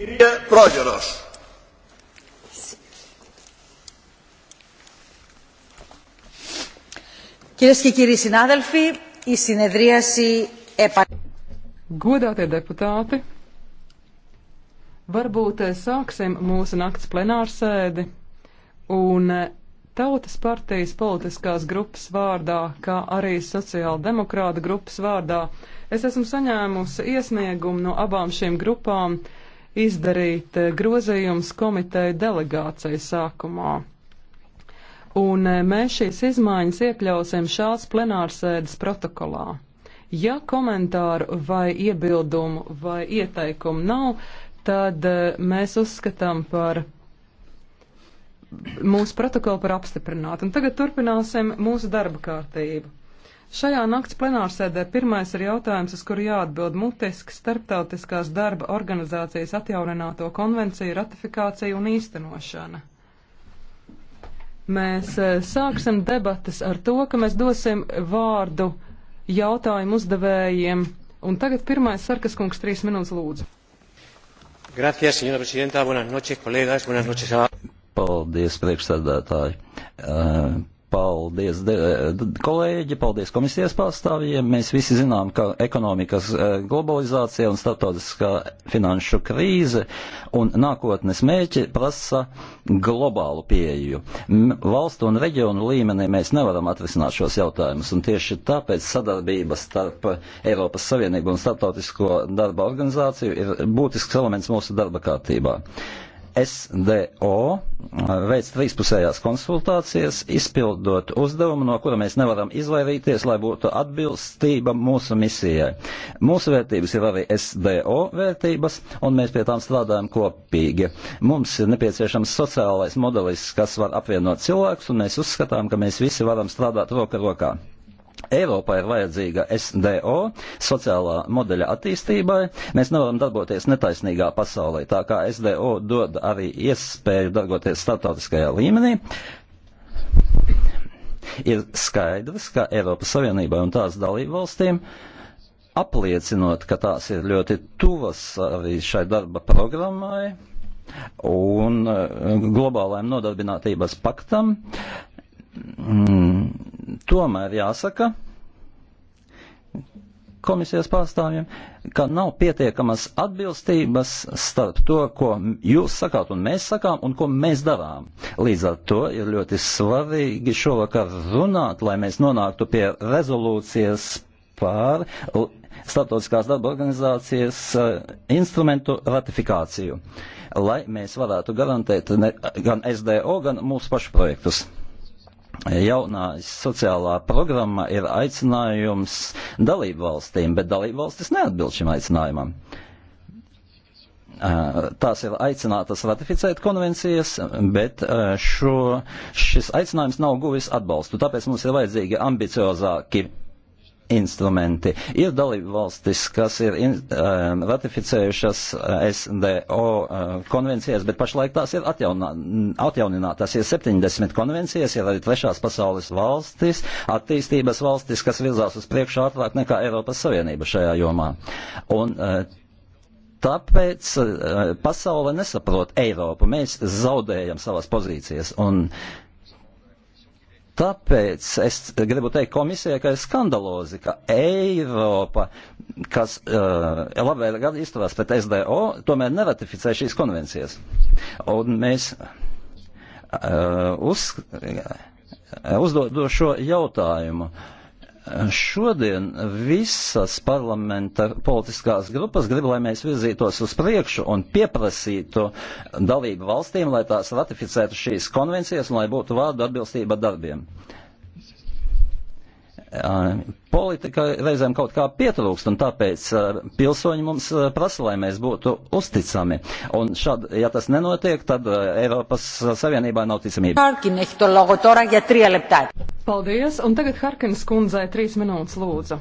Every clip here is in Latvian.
Κυρία Πρόγερος. Κυρίε και κύριοι συνάδελφοι, η συνεδρίαση Godātie deputāti, varbūt eh, sāksim mūsu nakts plenārsēdi un eh, Tautas partijas politiskās grupas vārdā, kā arī sociāldemokrāta grupas vārdā. Es esmu saņēmusi iesniegumu no abām šīm grupām izdarīt eh, grozījums komiteju delegāciju sākumā. Un eh, mēs šīs izmaiņas iekļausim šās plenārsēdes protokolā. Ja komentāru vai iebildumu vai ieteikumu nav, tad eh, mēs uzskatām par mūsu protokolu par apstiprinātu. Un tagad turpināsim mūsu darba kārtību. Šajā nakts plenārsēdē pirmais ir jautājums, uz kuru jāatbild mutiski starptautiskās darba organizācijas atjaunināto konvenciju ratifikācija un īstenošana. Mēs eh, sāksim debatas ar to, ka mēs dosim vārdu jautājumu uzdevējiem. Un tagad pirmais Sarkas kungs trīs minūtes lūdzu. Gracias, señora presidenta. Buenas noches, colegas. Buenas noches a... Paldies, priekšsēdētāji. Uh Paldies, de, kolēģi, paldies komisijas pārstāvjiem. Mēs visi zinām, ka ekonomikas e, globalizācija un starptautiskā finanšu krīze un nākotnes mēķi prasa globālu pieeju. Valstu un reģionu līmenī mēs nevaram atrisināt šos jautājumus, un tieši tāpēc sadarbība starp Eiropas Savienību un Startautisko darba organizāciju ir būtisks elements mūsu darba kārtībā. SDO veic trīspusējās konsultācijas, izpildot uzdevumu, no kura mēs nevaram izvairīties, lai būtu atbilstība mūsu misijai. Mūsu vērtības ir arī SDO vērtības, un mēs pie tām strādājam kopīgi. Mums ir nepieciešams sociālais modelis, kas var apvienot cilvēkus, un mēs uzskatām, ka mēs visi varam strādāt roka rokā. Eiropā ir vajadzīga SDO, sociālā modeļa attīstībai. Mēs nevaram darboties netaisnīgā pasaulē, tā kā SDO dod arī iespēju darboties starptautiskajā līmenī. Ir skaidrs, ka Eiropas Savienībai un tās dalību valstīm apliecinot, ka tās ir ļoti tuvas arī šai darba programmai un eh, globālajiem nodarbinātības paktam, uh, mm, tomēr jāsaka komisijas pārstāvjiem, ka nav pietiekamas atbilstības starp to, ko jūs sakāt un mēs sakām un ko mēs darām. Līdz ar to ir ļoti svarīgi šovakar runāt, lai mēs nonāktu pie rezolūcijas pār Startautiskās darba organizācijas eh, instrumentu ratifikāciju, lai mēs varētu garantēt ne, gan SDO, gan mūsu pašu projektus. Jaunā sociālā programma ir aicinājums dalību valstīm, bet dalību valstis neatbild šim aicinājumam. Eh, tās ir aicinātas ratificēt konvencijas, bet eh, šo, šis aicinājums nav guvis atbalstu. Tāpēc mums ir vajadzīgi ambiciozāki instrumenti. Ir dalība valstis, kas ir in, um, uh, ratificējušas SDO uh, konvencijas, bet pašlaik tās ir atjaunā, atjauninātas. Ir 70 konvencijas, ir arī trešās pasaules valstis, attīstības valstis, kas virzās uz priekšu ātrāk nekā Eiropas Savienība šajā jomā. Un, uh, Tāpēc uh, pasaule nesaprot Eiropu. Mēs zaudējam savas pozīcijas. Un, uh, Tāpēc es gribu teikt komisijai, ka ir skandalozi, ka Eiropa, kas uh, eh, labvēlīgi gadu izturās pret SDO, tomēr neratificē šīs konvencijas. Un mēs uh, uz, uh, eh, uzdod šo jautājumu. Uh, Šodien visas parlamenta politiskās grupas grib, lai mēs virzītos uz priekšu un pieprasītu dalību valstīm, lai tās ratificētu šīs konvencijas un lai būtu vārdu atbilstība darbiem. Uh, Politika reizēm kaut kā pietrūkst, un tāpēc eh, pilsoņi mums eh, prasa, lai mēs būtu uzticami. Un šad, ja tas nenotiek, tad eh, Eiropas Savienībā nav ticamība. Paldies, un tagad Harkins kundzei trīs minūtes lūdzu.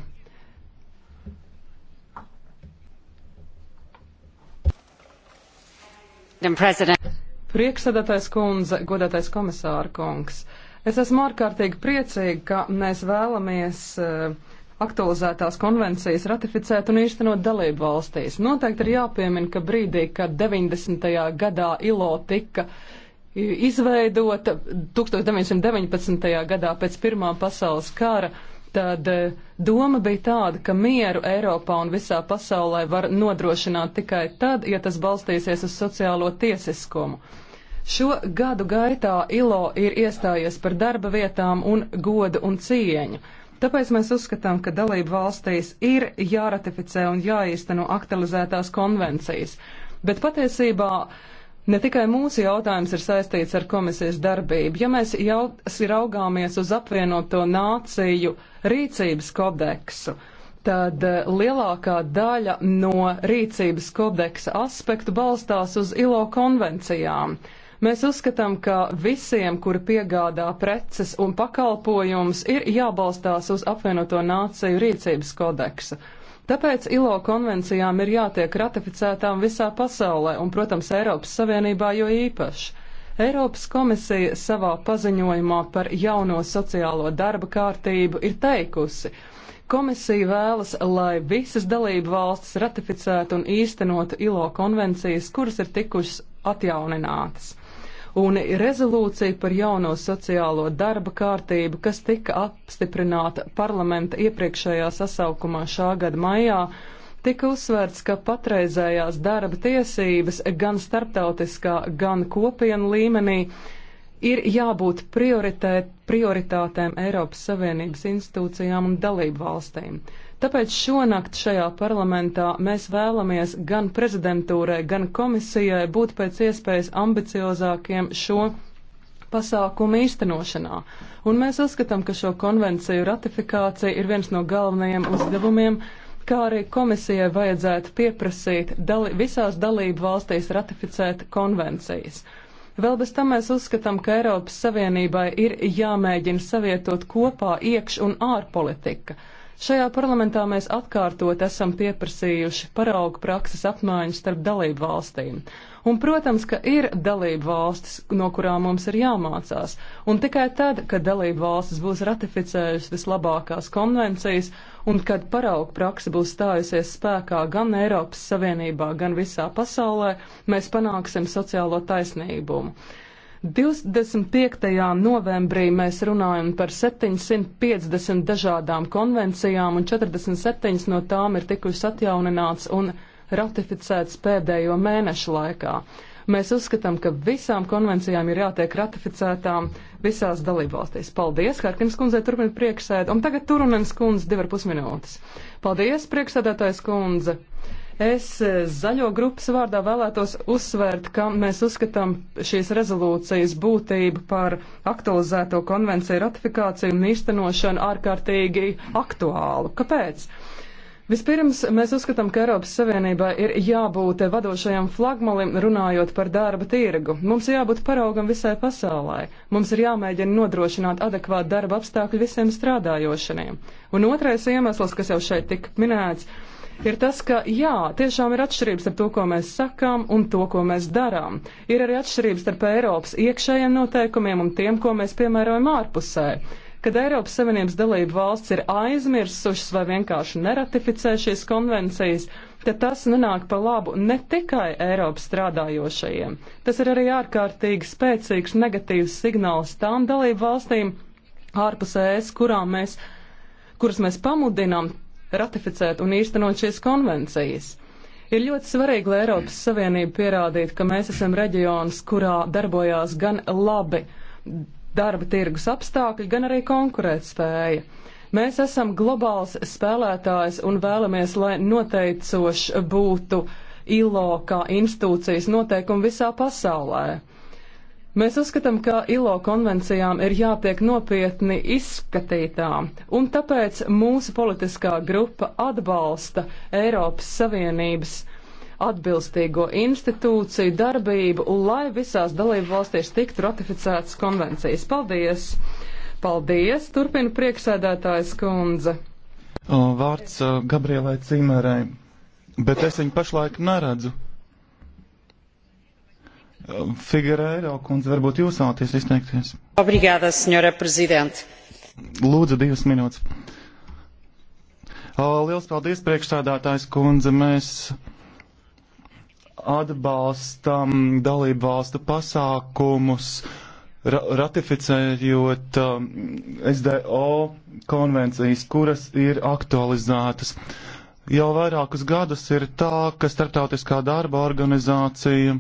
Priekšsēdētājs kundze, godātais komisāra kungs. Uh, Es esmu ārkārtīgi priecīga, ka mēs vēlamies eh, aktualizētās konvencijas ratificēt un īstenot dalību valstīs. Noteikti ir jāpiemina, ka brīdī, kad 90. gadā ILO tika izveidota 1919. gadā pēc Pirmā pasaules kara, tad eh, doma bija tāda, ka mieru Eiropā un visā pasaulē var nodrošināt tikai tad, ja tas balstīsies uz sociālo tiesiskumu. Šo gadu gaitā ILO ir iestājies par darba vietām un godu un cieņu. Tāpēc mēs uzskatām, ka dalību valstīs ir jāratificē un jāīsteno aktualizētās konvencijas. Bet patiesībā ne tikai mūsu jautājums ir saistīts ar komisijas darbību. Ja mēs jau raugāmies uz apvienoto nāciju rīcības kodeksu, tad eh, lielākā daļa no rīcības kodeksa aspektu balstās uz ILO konvencijām. Mēs uzskatām, ka visiem, kuri piegādā preces un pakalpojumus, ir jābalstās uz apvienoto nāciju rīcības kodeksu. Tāpēc ILO konvencijām ir jātiek ratificētām visā pasaulē un, protams, Eiropas Savienībā jo īpaši. Eiropas komisija savā paziņojumā par jauno sociālo darba kārtību ir teikusi, Komisija vēlas, lai visas dalību valstis ratificētu un īstenotu ILO konvencijas, kuras ir tikušas atjauninātas un rezolūcija par jauno sociālo darba kārtību, kas tika apstiprināta parlamenta iepriekšējā sasaukumā šā gada maijā, tika uzsvērts, ka patreizējās darba tiesības gan starptautiskā, gan kopienu līmenī ir jābūt prioritē, prioritātēm Eiropas Savienības institūcijām un dalību valstīm. Tāpēc šonakt šajā parlamentā mēs vēlamies gan prezidentūrai, gan komisijai būt pēc iespējas ambiciozākiem šo pasākumu īstenošanā. Un mēs uzskatām, ka šo konvenciju ratifikācija ir viens no galvenajiem uzdevumiem, kā arī komisijai vajadzētu pieprasīt dali visās dalību valstīs ratificēt konvencijas. Vēl bez tam mēs uzskatām, ka Eiropas Savienībai ir jāmēģina savietot kopā iekš un ārpolitika. politika Šajā parlamentā mēs atkārtot esam pieprasījuši paraugu prakses apmaiņu starp dalību valstīm. Un, protams, ka ir dalību valstis, no kurām mums ir jāmācās. Un tikai tad, kad dalību valstis būs ratificējusi vislabākās konvencijas un kad paraugu praksa būs stājusies spēkā gan Eiropas Savienībā, gan visā pasaulē, mēs panāksim sociālo taisnīgumu. 25. novembrī mēs runājam par 750 dažādām konvencijām, un 47 no tām ir tikusi atjaunināts un ratificēts pēdējo mēnešu laikā. Mēs uzskatām, ka visām konvencijām ir jātiek ratificētām visās dalībvalstīs. Paldies, Harkins kundzei, turpina priekšsēd. Un tagad Turunens kundze, divar pusminūtes. Paldies, priekšsēdētājs kundze. Es eh, zaļo grupas vārdā vēlētos uzsvērt, ka mēs uzskatām šīs rezolūcijas būtību par aktualizēto konvenciju ratifikāciju un īstenošanu ārkārtīgi aktuālu. Kāpēc? Vispirms mēs uzskatām, ka Eiropas Savienībai ir jābūt vadošajam flagmalim runājot par darba tirgu. Mums ir jābūt paraugam visai pasaulē. Mums ir jāmēģina nodrošināt adekvātu darba apstākļu visiem strādājošiem. Un otrais iemesls, kas jau šeit tika minēts, ir ir tas, ka jā, tiešām ir atšķirības ar to, ko mēs sakām un to, ko mēs darām. Ir arī atšķirības starp Eiropas iekšējiem noteikumiem un tiem, ko mēs piemērojam ārpusē. Kad Eiropas Savienības dalību valsts ir aizmirsušas vai vienkārši neratificē šīs konvencijas, tad tas nenāk pa labu ne tikai Eiropas strādājošajiem. Tas ir arī ārkārtīgi spēcīgs negatīvs signāls tām dalību valstīm ārpus ES, kurām mēs kuras mēs pamudinām ratificēt un īstenot šīs konvencijas. Ir ļoti svarīgi, lai Eiropas Savienība pierādītu, ka mēs esam reģions, kurā darbojās gan labi darba tirgus apstākļi, gan arī konkurētspēja. Mēs esam globāls spēlētājs un vēlamies, lai noteicoši būtu ILO kā institūcijas noteikumi visā pasaulē. Mēs uzskatām, ka ILO konvencijām ir jātiek nopietni izskatītām, un tāpēc mūsu politiskā grupa atbalsta Eiropas Savienības atbilstīgo institūciju darbību, un lai visās dalību valstīs tiktu ratificētas konvencijas. Paldies! Paldies! Turpina prieksēdētājs kundze. Vārds uh, Gabrielai Cīmērai, bet es viņu pašlaik neredzu. Um, Figueiredo kundze, varbūt jūs vēlaties izteikties? Obrigāda, senjora prezidente. Lūdzu, divas minūtes. Uh, liels paldies, priekšstādātājs kundze. Mēs atbalstam dalību valstu pasākumus, ra ratificējot um, SDO konvencijas, kuras ir aktualizētas. Jau vairākus gadus ir tā, ka Startautiskā darba organizācija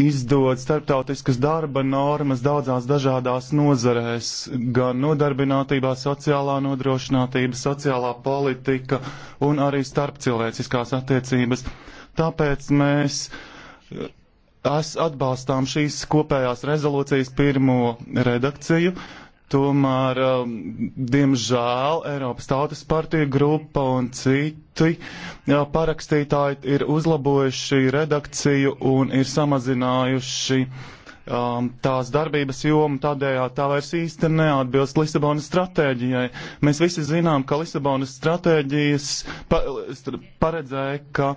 izdod starptautiskas darba normas daudzās dažādās nozarēs, gan nodarbinātībā, sociālā nodrošinātība, sociālā politika un arī starpcilvēciskās attiecības. Tāpēc mēs atbalstām šīs kopējās rezolūcijas pirmo redakciju, Tomēr, um, diemžēl, Eiropas Tautas partija grupa un citi parakstītāji ir uzlabojuši redakciju un ir samazinājuši um, tās darbības jomu, tādējādi tā vairs īsti neatbilst Lisabonas stratēģijai. Mēs visi zinām, ka Lisabonas stratēģijas pa, paredzēja, ka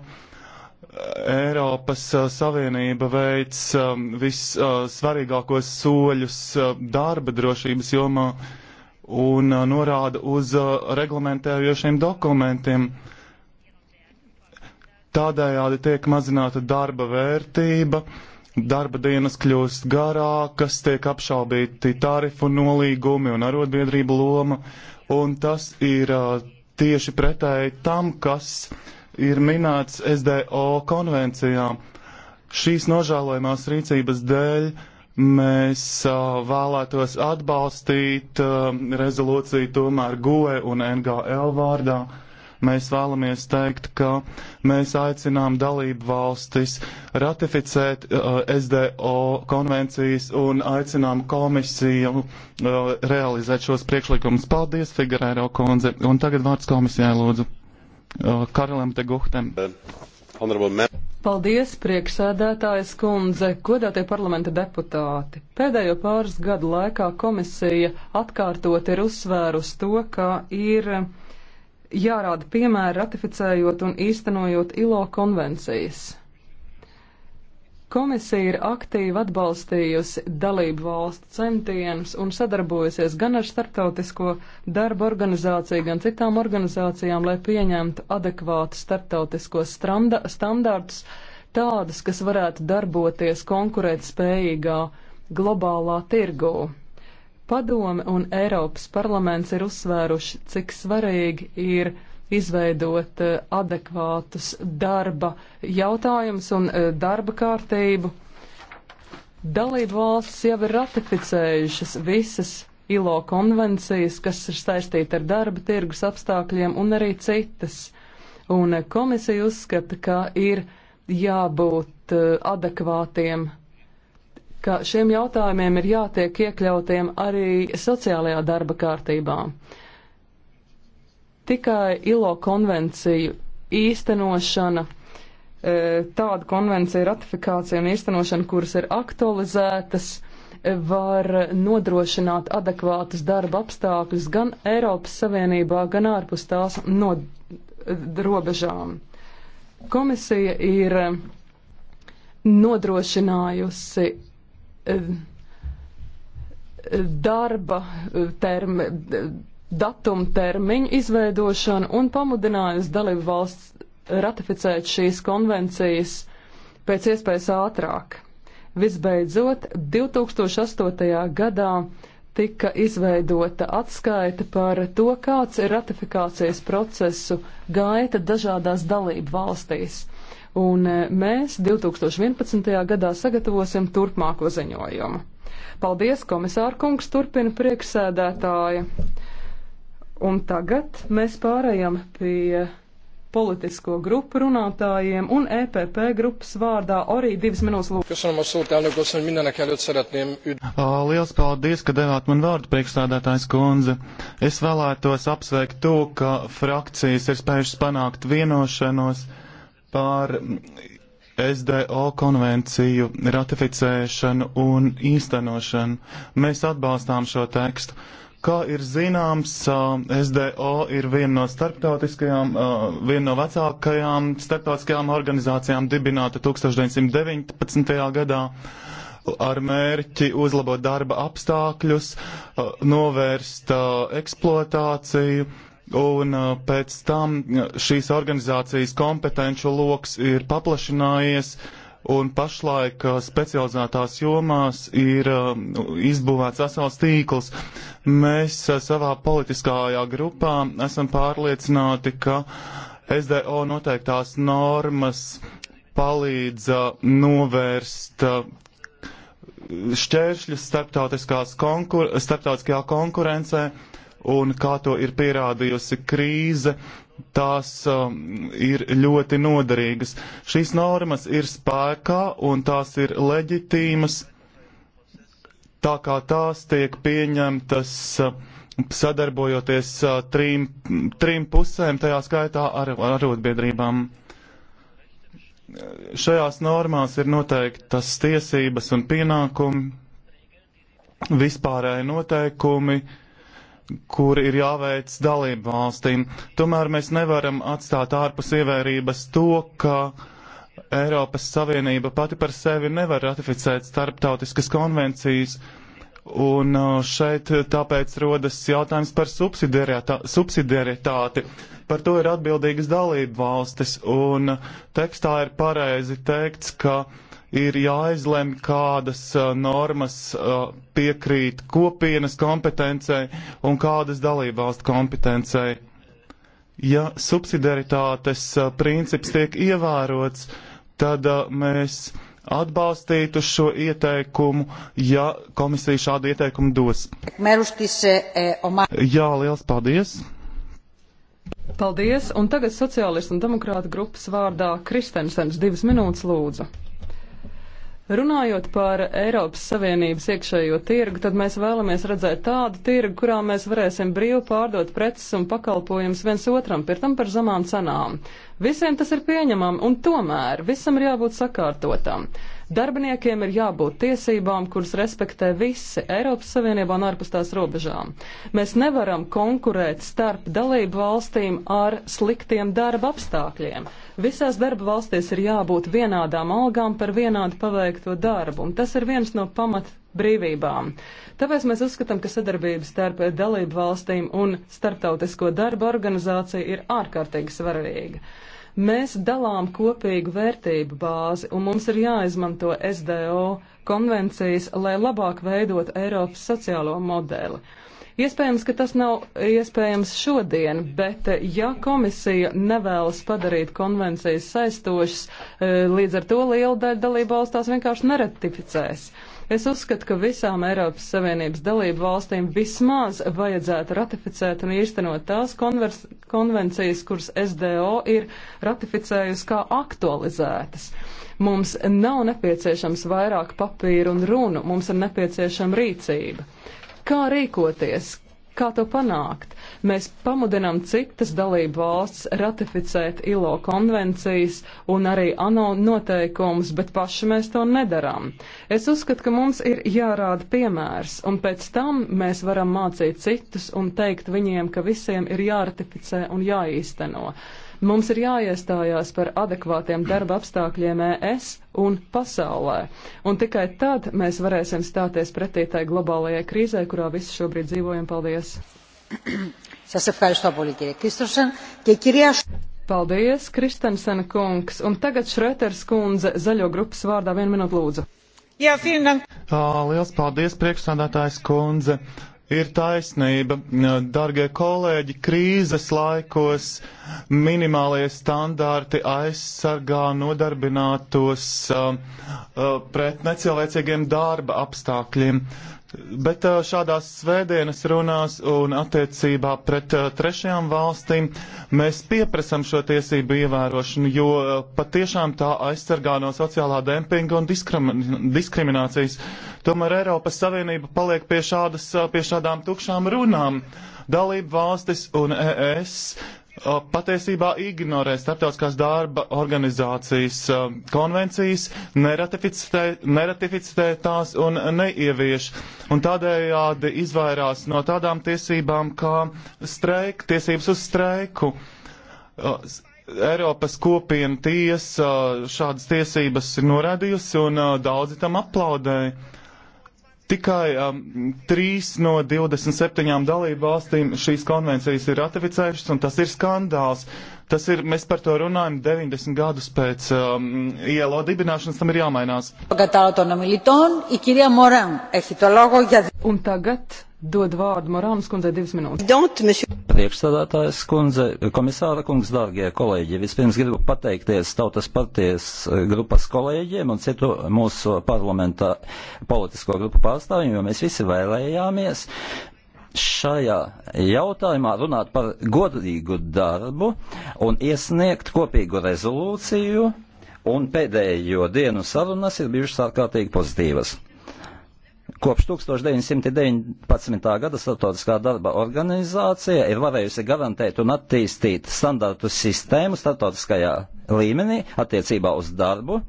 Eiropas uh, Savienība veic um, vissvarīgākos uh, soļus uh, darba drošības jomā un norāda uz reglamentējošiem dokumentiem. Tādējādi tiek mazināta darba vērtība, darba dienas kļūst garākas, tiek apšaubīti tarifu nolīgumi un arotbiedrību loma, un tas ir tieši pretēji tam, kas uh, ir minēts SDO konvencijā. Šīs nožēlojumās rīcības dēļ mēs uh, vēlētos atbalstīt uh, rezolūciju tomēr GUE un NGL vārdā. Mēs vēlamies teikt, ka mēs aicinām dalību valstis ratificēt uh, SDO konvencijas un aicinām komisiju uh, realizēt šos priekšlikumus. Paldies, Figuerēro konze. Un tagad vārds komisijai, lūdzu. Uh, Karolam te Guhtam. Paldies, priekšsēdētājas kundze, godātie parlamenta deputāti. Pēdējo pāris gadu laikā komisija atkārtot ir uzsvērusi to, ka ir jārāda piemēra ratificējot un īstenojot ILO konvencijas. Komisija ir aktīvi atbalstījusi dalību valstu centienus un sadarbojusies gan ar starptautisko darba organizāciju, gan citām organizācijām, lai pieņemtu adekvātu starptautisko stranda, standārtus, tādus, kas varētu darboties konkurēt spējīgā globālā tirgū. Padome un Eiropas parlaments ir uzsvēruši, cik svarīgi ir izveidot eh, adekvātus darba jautājumus un eh, darba kārtību. Dalību valstis jau ir ratificējušas visas ILO konvencijas, kas ir saistīta ar darba tirgus apstākļiem un arī citas. Un eh, komisija uzskata, ka ir jābūt adekvātiem ka šiem jautājumiem ir jātiek iekļautiem arī sociālajā darba kārtībā. Tikai ILO konvenciju īstenošana, e, tāda konvencija ratifikācija un īstenošana, kuras ir aktualizētas, e, var nodrošināt adekvātus darba apstākļus gan Eiropas Savienībā, gan ārpus tās no e, robežām. Komisija ir nodrošinājusi darba termi, datuma termiņu izveidošanu un pamudinājusi dalību valsts ratificēt šīs konvencijas pēc iespējas ātrāk. Visbeidzot, 2008. gadā tika izveidota atskaita par to, kāds ir ratifikācijas procesu gaita dažādās dalību valstīs. Un e, mēs 2011. gadā sagatavosim turpmāko ziņojumu. Paldies, komisārkungs, turpina prieksēdētāja. Un tagad mēs pārējām pie politisko grupu runātājiem un EPP grupas vārdā arī divas minūtes lūdzu. Köszönöm a szót, elnök asszony, mindenek előtt szeretném üdv... Liels paldies, ka devāt man vārdu, priekšstādātājs kundze. Es vēlētos apsveikt to, ka frakcijas ir spējušas panākt vienošanos pār SDO konvenciju ratificēšanu un īstenošanu. Mēs atbalstām šo tekstu. Kā ir zināms, SDO ir viena no starptautiskajām, viena no vecākajām starptautiskajām organizācijām dibināta 1919. gadā ar mērķi uzlabot darba apstākļus, novērst eksploatāciju. Un pēc tam šīs organizācijas kompetenču loks ir paplašinājies uh, un pašlaik uh, specializētās jomās ir um, izbūvēts vesels tīkls. Mēs uh, savā politiskajā grupā esam pārliecināti, ka SDO noteiktās normas palīdza uh, novērst šķēršļus konkur starptautiskajā konkurencē, un kā to ir pierādījusi krīze, tās um, ir ļoti noderīgas. Šīs normas ir spēkā un tās ir leģitīmas, tā kā tās tiek pieņemtas uh, sadarbojoties uh, trim, trim pusēm, tajā skaitā ar arotbiedrībām. Šajās normās ir noteiktas tiesības un pienākumi, vispārēji noteikumi, uh, kur ir jāveic dalību valstīm. Tomēr mēs nevaram atstāt ārpus ievērības to, ka Eiropas Savienība pati par sevi nevar ratificēt starptautiskas konvencijas. Un uh, šeit tāpēc rodas jautājums par subsidiaritāti. Par to ir atbildīgas dalību valstis, un tekstā ir pareizi teikts, ka uh, ir jāizlem, kādas uh, normas uh, piekrīt kopienas kompetencei un kādas dalībvalstu kompetencei. Ja subsidiaritātes uh, princips tiek ievērots, tad mēs atbalstītu šo ieteikumu, ja komisija šādu ieteikumu dos. Jā, liels paldies! Paldies, un tagad sociālistu un demokrātu grupas vārdā Kristensens divas minūtes lūdzu. Runājot par Eiropas Savienības iekšējo tirgu, tad mēs vēlamies redzēt tādu tirgu, kurā mēs varēsim brīvi pārdot preces un pakalpojumus viens otram, pirtam par zemām cenām. Visiem tas ir pieņemami, un tomēr visam ir jābūt sakārtotam. Darbiniekiem ir jābūt tiesībām, kuras respektē visi Eiropas Savienībā un ārpus tās robežām. Mēs nevaram konkurēt starp dalību valstīm ar sliktiem darba apstākļiem. Visās darba valstīs ir jābūt vienādām algām par vienādu paveikto darbu, un tas ir viens no pamat brīvībām. Tāpēc mēs uzskatām, ka sadarbība starp dalību valstīm un starptautisko darba organizāciju ir ārkārtīgi svarīga. Mēs dalām kopīgu vērtību bāzi, un mums ir jāizmanto SDO konvencijas, lai labāk veidot Eiropas sociālo modeli. Iespējams, ka tas nav iespējams šodien, bet eh, ja komisija nevēlas padarīt konvencijas saistošas, eh, līdz ar to liela daļa dalībvalstās vienkārši neratificēs. Uh, Es uzskatu, ka visām Eiropas Savienības dalību valstīm vismaz vajadzētu ratificēt un īstenot tās konvers, konvencijas, kuras SDO ir ratificējusi kā aktualizētas. Mums nav nepieciešams vairāk papīru un runu, mums ir nepieciešama rīcība. Kā rīkoties, Kā to panākt? Mēs pamudinām citas dalību valsts ratificēt ILO konvencijas un arī ANO noteikumus, bet paši mēs to nedarām. Es uzskatu, ka mums ir jārāda piemērs, un pēc tam mēs varam mācīt citus un teikt viņiem, ka visiem ir jāratificē un jāīsteno. Mums ir jāiestājās par adekvātiem darba apstākļiem ES un pasaulē, un tikai tad mēs varēsim stāties pretī tai globālajai krīzē, kurā visi šobrīd dzīvojam. Paldies! Paldies, Kristensen kungs, un tagad Šreters kundze zaļo grupas vārdā vienu minūtu lūdzu. Jā, Liels paldies, priekšsādātājs kundze. Uh, Ir taisnība, darbie kolēģi, krīzes laikos minimālie standarti aizsargā nodarbinātos uh, uh, pret necilvēcīgiem darba apstākļiem. Bet uh, šādās svētdienas runās un attiecībā pret uh, trešajām valstīm mēs pieprasam šo tiesību ievērošanu, jo uh, patiešām tā aizsargā no sociālā dempinga un diskriminācijas. Tomēr Eiropas Savienība paliek pie, šādas, pie šādām tukšām runām. Dalību valstis un ES patiesībā ignorē starptautiskās darba organizācijas konvencijas, neratificē, neratificē tās un neievieš. Un tādējādi izvairās no tādām tiesībām kā streik, tiesības uz streiku. Eiropas kopiena tiesa šādas tiesības ir norādījusi un daudzi tam aplaudēja. Tikai um, trīs no 27 dalību valstīm šīs konvencijas ir ratificējušas, un tas ir skandāls. Uh, Tas ir, mēs par to runājam 90 gadus pēc um, ILO dibināšanas, tam ir jāmainās. Un tagad dod vārdu Morānas kundzei divas minūtes. Priekšstādātājs kundze, komisāra kungs, dārgie kolēģi, vispirms gribu pateikties Tautas partijas eh, grupas kolēģiem un citu mūsu parlamenta politisko grupu pārstāvjiem, jo mēs visi vēlējāmies šajā jautājumā runāt par godīgu darbu un iesniegt kopīgu rezolūciju, un pēdējo dienu sarunas ir bijušas ārkārtīgi pozitīvas. Kopš 1919. gada Startautiskā darba organizācija ir varējusi garantēt un attīstīt standartu sistēmu startautiskajā līmenī attiecībā uz darbu,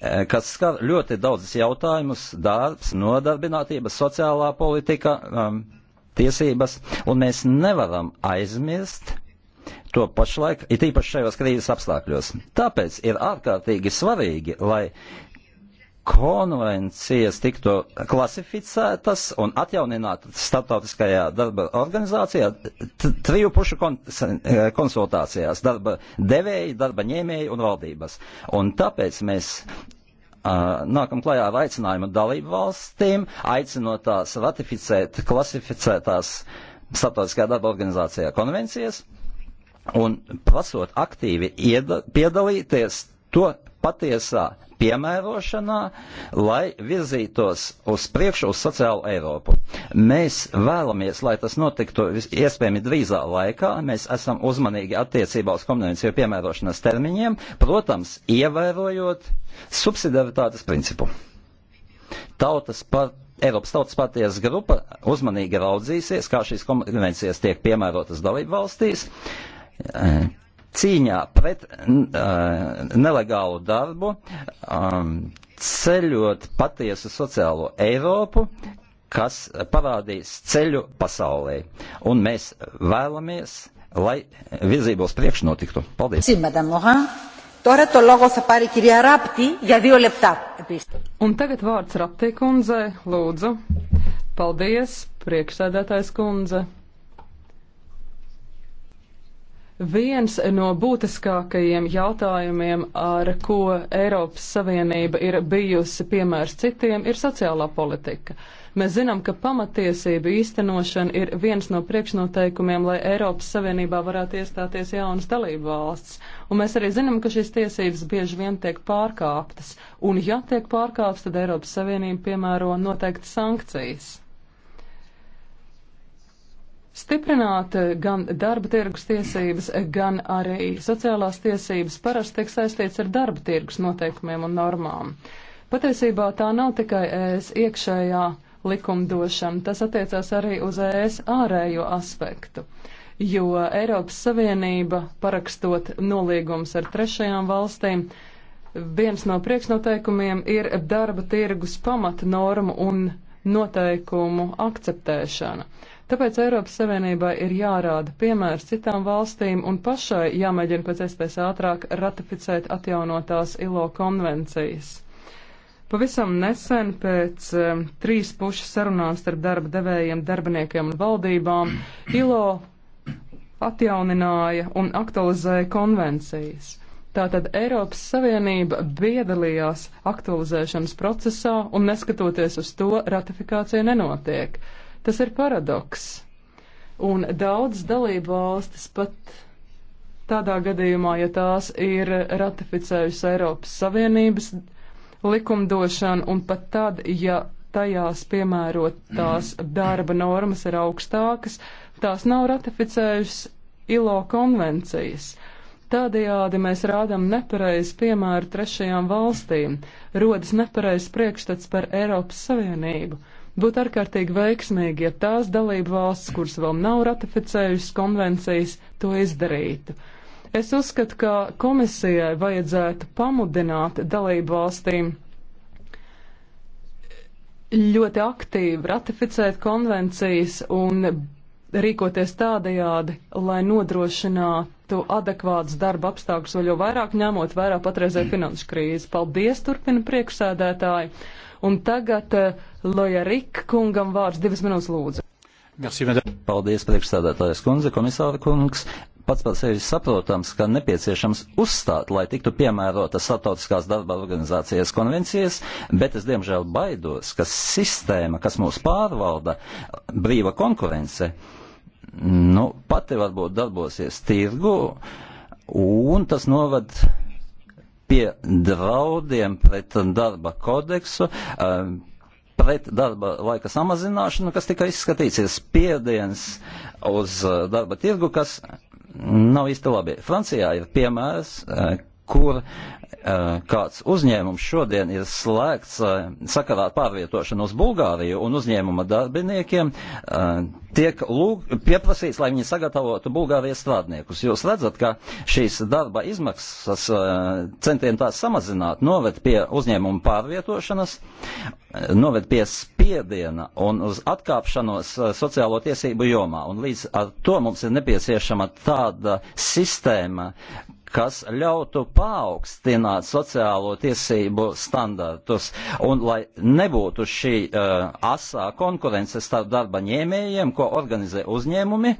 eh, kas skar ļoti daudzas jautājumus - darbs, nodarbinātība, sociālā politika, um, tiesības, un mēs nevaram aizmirst to pašlaik, it īpaši šajos krīzes apstākļos. Tāpēc ir ārkārtīgi svarīgi, lai konvencijas tiktu klasificētas un atjauninātas starptautiskajā darba organizācijā triju pušu kon e, konsultācijās - darba devēji, darba ņēmēji un valdības. Un tāpēc mēs nākam klajā ar aicinājumu dalību valstīm, aicinot tās ratificēt klasificētās starptautiskajā darba organizācijā konvencijas un prasot aktīvi piedalīties to patiesā piemērošanā, lai virzītos uz priekšu uz sociālu Eiropu. Mēs vēlamies, lai tas notiktu iespējami drīzā laikā. Mēs esam uzmanīgi attiecībā uz konvenciju piemērošanas termiņiem, protams, ievērojot subsidiaritātes principu. Tautas par, Eiropas Tautas partijas grupa uzmanīgi raudzīsies, kā šīs konvencijas tiek piemērotas dalību valstīs cīņā pret uh, nelegālu darbu, um, ceļot patiesu sociālo Eiropu, kas parādīs ceļu pasaulē. Un mēs vēlamies, lai virzībos priekš notiktu. Paldies! Τώρα το λόγο θα πάρει η κυρία Ράπτη για δύο λεπτά. Un tagad vārds Raptī kundzei, lūdzu. Paldies, priekšsēdētājs kundze. Viens no būtiskākajiem jautājumiem, ar ko Eiropas Savienība ir bijusi piemērs citiem, ir sociālā politika. Mēs zinām, ka pamatiesība īstenošana ir viens no priekšnoteikumiem, lai Eiropas Savienībā varētu iestāties jaunas dalību valsts. Un mēs arī zinām, ka šīs tiesības bieži vien tiek pārkāptas. Un ja tiek pārkāptas, tad Eiropas Savienība piemēro noteikti sankcijas. Stiprināt eh, gan darba tirgus tiesības, eh, gan arī sociālās tiesības parasti tiek saistīts ar darba tirgus noteikumiem un normām. Patiesībā tā nav tikai ES iekšējā likumdošana, tas attiecās arī uz ES ārējo aspektu jo Eiropas Savienība, parakstot nolīgumus ar trešajām valstīm, viens no priekšnoteikumiem ir darba tirgus pamata normu un noteikumu akceptēšana. Tāpēc Eiropas Savienībai ir jārāda piemērs citām valstīm un pašai jāmēģina pēc iespējas ātrāk ratificēt atjaunotās ILO konvencijas. Pavisam nesen pēc um, trīs pušu sarunām starp darba devējiem, darbiniekiem un valdībām ILO atjaunināja un aktualizēja konvencijas. Tātad Eiropas Savienība piedalījās aktualizēšanas procesā un neskatoties uz to ratifikācija nenotiek. Tas ir paradoks. Un daudz dalību valstis pat tādā gadījumā, ja tās ir ratificējusi Eiropas Savienības likumdošanu, un pat tad, ja tajās piemērotās darba normas ir augstākas, tās nav ratificējušas ILO konvencijas. Tādējādi mēs rādam nepareizi piemēru trešajām valstīm, rodas nepareizs priekšstats par Eiropas Savienību būtu ārkārtīgi veiksmīgi, ja tās dalību valsts, kuras vēl nav ratificējušas konvencijas, to izdarītu. Es uzskatu, ka komisijai vajadzētu pamudināt dalību valstīm ļoti aktīvi ratificēt konvencijas un rīkoties tādajādi, lai nodrošinātu adekvātus darba apstākļus, vēl jau vairāk ņemot vērā patreizēju finanšu krīzi. Paldies, turpina priekšsēdētāji. Un tagad eh, Loja Rika kungam vārds divas minūtes lūdzu. Merci, Paldies, priekšstādātājas kundze, komisāra kungs pats par sevi saprotams, ka nepieciešams uzstāt, lai tiktu piemērota Startautiskās darba organizācijas konvencijas, bet es diemžēl baidos, ka sistēma, kas mūs pārvalda, brīva konkurence, nu, pati varbūt darbosies tirgu, un tas novad pie draudiem pret darba kodeksu, eh, pret darba laika samazināšanu, kas tika izskatīts, ir spiediens uz eh, darba tirgu, kas nav īsti labi. Francijā ir piemērs, eh, kur eh, kāds uzņēmums šodien ir slēgts eh, sakarā ar pārvietošanu uz Bulgāriju un uzņēmuma darbiniekiem eh, tiek lūg, pieprasīts, lai viņi sagatavotu Bulgārijas strādniekus. Jūs redzat, ka šīs darba izmaksas centieni tās samazināt noved pie uzņēmuma pārvietošanas, noved pie spiediena un uz atkāpšanos sociālo tiesību jomā. Un līdz ar to mums ir nepieciešama tāda sistēma, kas ļautu paaugstināt sociālo tiesību standartus un lai nebūtu šī uh, asā konkurence starp darba ņēmējiem, ko organizē uzņēmumi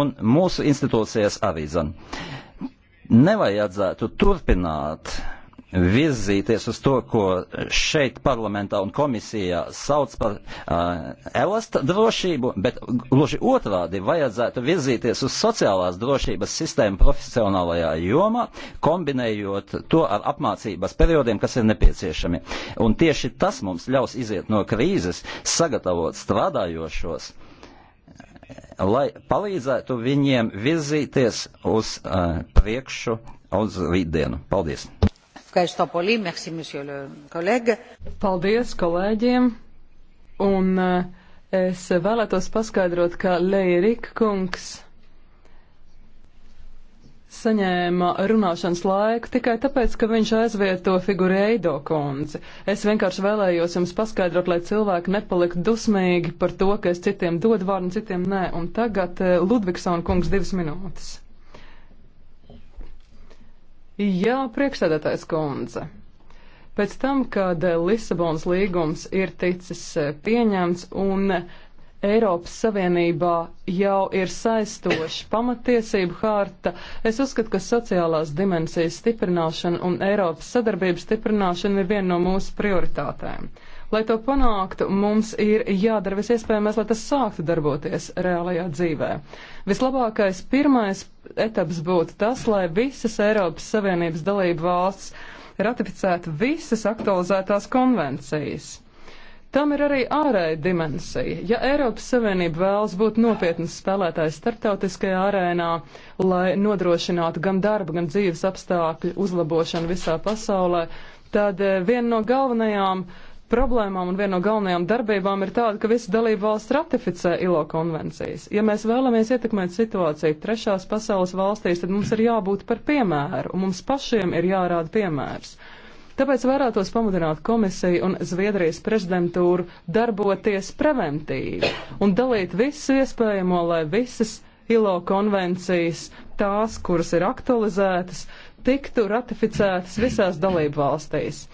un mūsu institūcijas arī zan. Nevajadzētu turpināt uh, virzīties uz to, ko šeit parlamentā un komisijā sauc par uh, elasta drošību, bet gluži otrādi vajadzētu virzīties uz sociālās drošības sistēmu profesionālajā jomā, kombinējot to ar apmācības periodiem, kas ir nepieciešami. Un tieši tas mums ļaus iziet no krīzes, sagatavot strādājošos lai palīdzētu viņiem virzīties uz uh, priekšu, uz rītdienu. Paldies! Paldies kolēģiem! Un eh, es vēlētos paskaidrot, ka Leirika kungs saņēma runāšanas laiku tikai tāpēc, ka viņš aizvieto figurēido kundzi. Es vienkārši vēlējos jums paskaidrot, lai cilvēki nepaliktu dusmīgi par to, ka es citiem dodu vārdu un citiem nē. Un tagad eh, Ludvigsona kungs divas minūtes. Jā, priekšsēdētājs kundze. Pēc tam, kad Lisabonas līgums ir ticis e, pieņemts un Eiropas Savienībā jau ir saistoša pamatiesību hārta, es uzskatu, ka sociālās dimensijas stiprināšana un Eiropas sadarbības stiprināšana ir viena no mūsu prioritātēm. Lai to panāktu, mums ir jādara viss iespējamais, lai tas sāktu darboties reālajā dzīvē. Vislabākais pirmais etaps būtu tas, lai visas Eiropas Savienības dalību valsts ratificētu visas aktualizētās konvencijas. Tam ir arī ārēja dimensija. Ja Eiropas Savienība vēlas būt nopietnas spēlētājs starptautiskajā arēnā, lai nodrošinātu gan darba, gan dzīves apstākļu uzlabošanu visā pasaulē, tad eh, viena no galvenajām uh, problēmām un viena no galvenajām darbībām ir tāda, ka visi dalību valsts ratificē ILO konvencijas. Ja mēs vēlamies ietekmēt situāciju trešās pasaules valstīs, tad mums ir jābūt par piemēru, un mums pašiem ir jārāda piemērs. Tāpēc vērētos pamudināt komisiju un Zviedrijas prezidentūru darboties preventīvi un dalīt visu iespējamo, lai visas ILO konvencijas, tās, kuras ir aktualizētas, tiktu ratificētas visās dalību valstīs.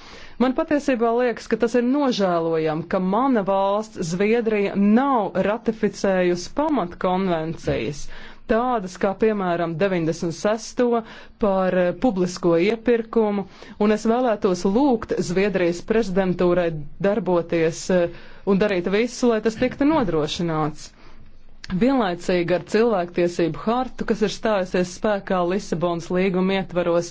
Man patiesībā liekas, ka tas ir nožēlojami, ka mana valsts, Zviedrija, nav ratificējusi pamatkonvencijas. Tādas kā, piemēram, 96. par eh, publisko iepirkumu, un es vēlētos lūgt Zviedrijas prezidentūrai darboties eh, un darīt visu, lai tas tiktu nodrošināts vienlaicīgi ar cilvēktiesību hartu, kas ir stājusies spēkā Lisabonas līguma ietvaros.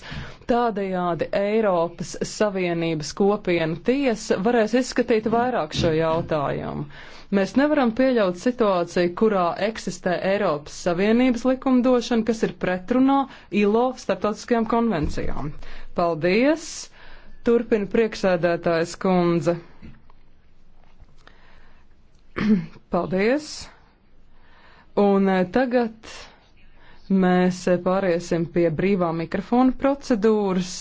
Tādējādi Eiropas Savienības kopiena tiesa varēs izskatīt vairāk šo jautājumu. Mēs nevaram pieļaut situāciju, kurā eksistē Eiropas Savienības likumdošana, kas ir pretrunā ILO starptautiskajām konvencijām. Paldies! Turpina priekšsēdētājs kundze. Paldies! Un eh, tagad mēs eh, pāriesim pie brīvā mikrofona procedūras.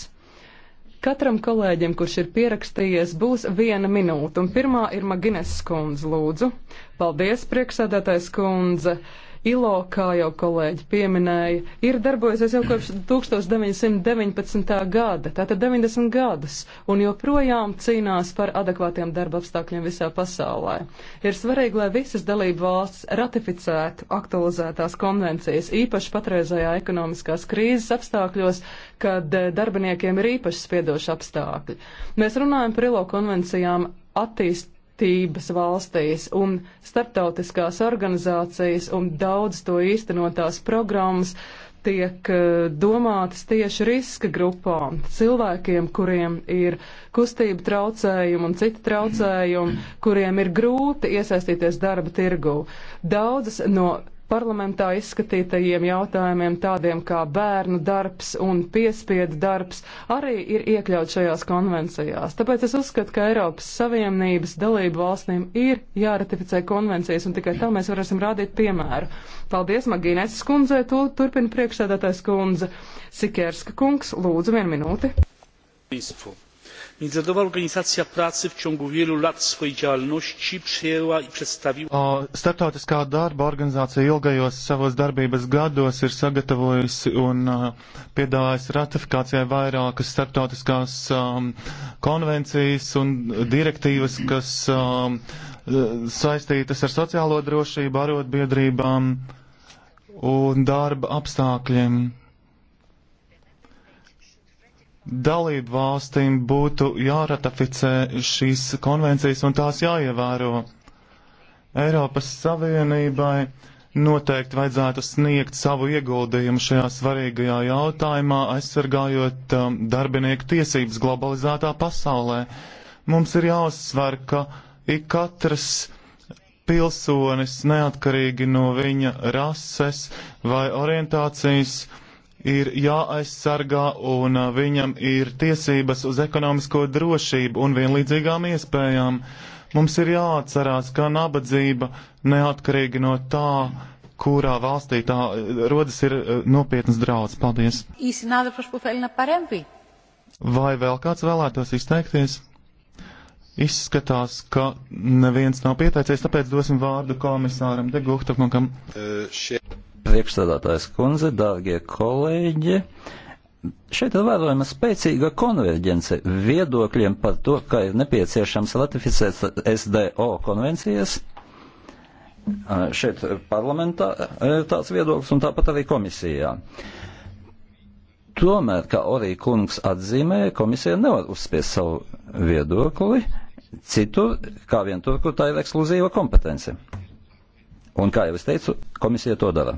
Katram kolēģim, kurš ir pierakstījies, būs viena minūte, un pirmā ir Magines skundze, lūdzu. Paldies, prieksēdētais skundze! ILO, kā jau kolēģi pieminēja, ir darbojusies jau kopš 1919. gada, tātad 90 gadus, un joprojām cīnās par adekvātiem darba apstākļiem visā pasaulē. Ir svarīgi, lai visas dalību valsts ratificētu aktualizētās konvencijas, īpaši patreizajā ekonomiskās krīzes apstākļos, kad eh, darbiniekiem ir īpaši spiedoši apstākļi. Mēs runājam par ILO konvencijām attīst vērtības valstīs un starptautiskās organizācijas un daudz to īstenotās programmas tiek eh, domātas tieši riska grupām, cilvēkiem, kuriem ir kustība traucējumi un citi traucējumi, kuriem ir grūti iesaistīties darba tirgū. Daudzas no parlamentā izskatītajiem jautājumiem, tādiem kā bērnu darbs un piespiedu darbs, arī ir iekļauts šajās konvencijās. Tāpēc es uzskatu, ka Eiropas Savienības dalību valstīm ir jāratificē konvencijas, un tikai tā mēs varēsim rādīt piemēru. Paldies, Magīnēs skundzē, to turpina priekšsēdētājs skundze. Sikerska kungs, lūdzu, vienu minūti. Peaceful międzynarodowa organizacja pracy w ciągu wielu lat swojej działalności przyjęła i przedstawiła Startautiskā darba organizācija ilgajos savos darbības gados ir sagatavojusi un piedāvājusi ratifikācijai vairākas startautiskās um, konvencijas un direktīvas, kas um, saistītas ar sociālo drošību, arotbiedrībām un darba apstākļiem dalību valstīm būtu jāratificē šīs konvencijas un tās jāievēro. Eiropas Savienībai noteikti vajadzētu sniegt savu ieguldījumu šajā svarīgajā jautājumā, aizsargājot um, darbinieku tiesības globalizētā pasaulē. Mums ir jāuzsver, ka ik katrs pilsonis, neatkarīgi no viņa rases vai orientācijas, uh, ir jāaizsargā un uh, viņam ir tiesības uz ekonomisko drošību un vienlīdzīgām iespējām. Mums ir jāatcerās, ka nabadzība neatkarīgi no tā, kurā valstī tā uh, rodas, ir uh, nopietnas draudz. Paldies! Vai vēl kāds vēlētos izteikties? Izskatās, ka neviens nav pieteicies, tāpēc dosim vārdu komisāram Degūhtakam. Uh, šie... Priekšstādātājs kundze, dārgie kolēģi, šeit ir vērojama spēcīga konverģence viedokļiem par to, ka ir nepieciešams ratificēt SDO konvencijas. Šeit parlamentā ir e, tāds viedoklis un tāpat arī komisijā. Tomēr, kā arī kungs atzīmēja, komisija nevar uzspiest savu viedokli citur, kā vien tur, kur tā ir ekskluzīva kompetence. Un, kā jau es teicu, komisija to dara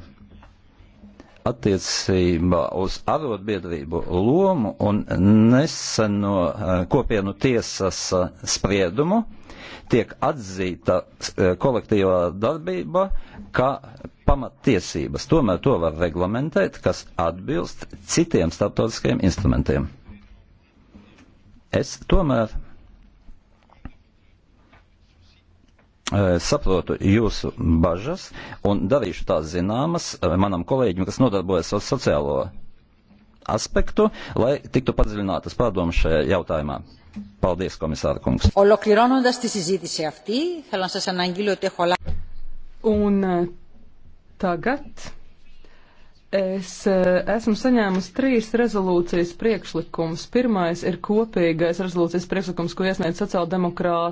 attiecībā uz arotbiedrību lomu un neseno eh, kopienu tiesas eh, spriedumu tiek atzīta eh, kolektīvā darbība kā pamattiesības. Tomēr to var reglamentēt, kas atbilst citiem starptautiskajiem instrumentiem. Es tomēr saprotu jūsu bažas un darīšu tās zināmas manam kolēģim, kas nodarbojas ar sociālo aspektu, lai tiktu padziļinātas pārdomas šajā jautājumā. Paldies, komisāra kungs. Un tagad es esmu saņēmusi trīs rezolūcijas priekšlikumus. Pirmais ir kopīgais rezolūcijas priekšlikums, ko iesniedz sociāldemokrāti.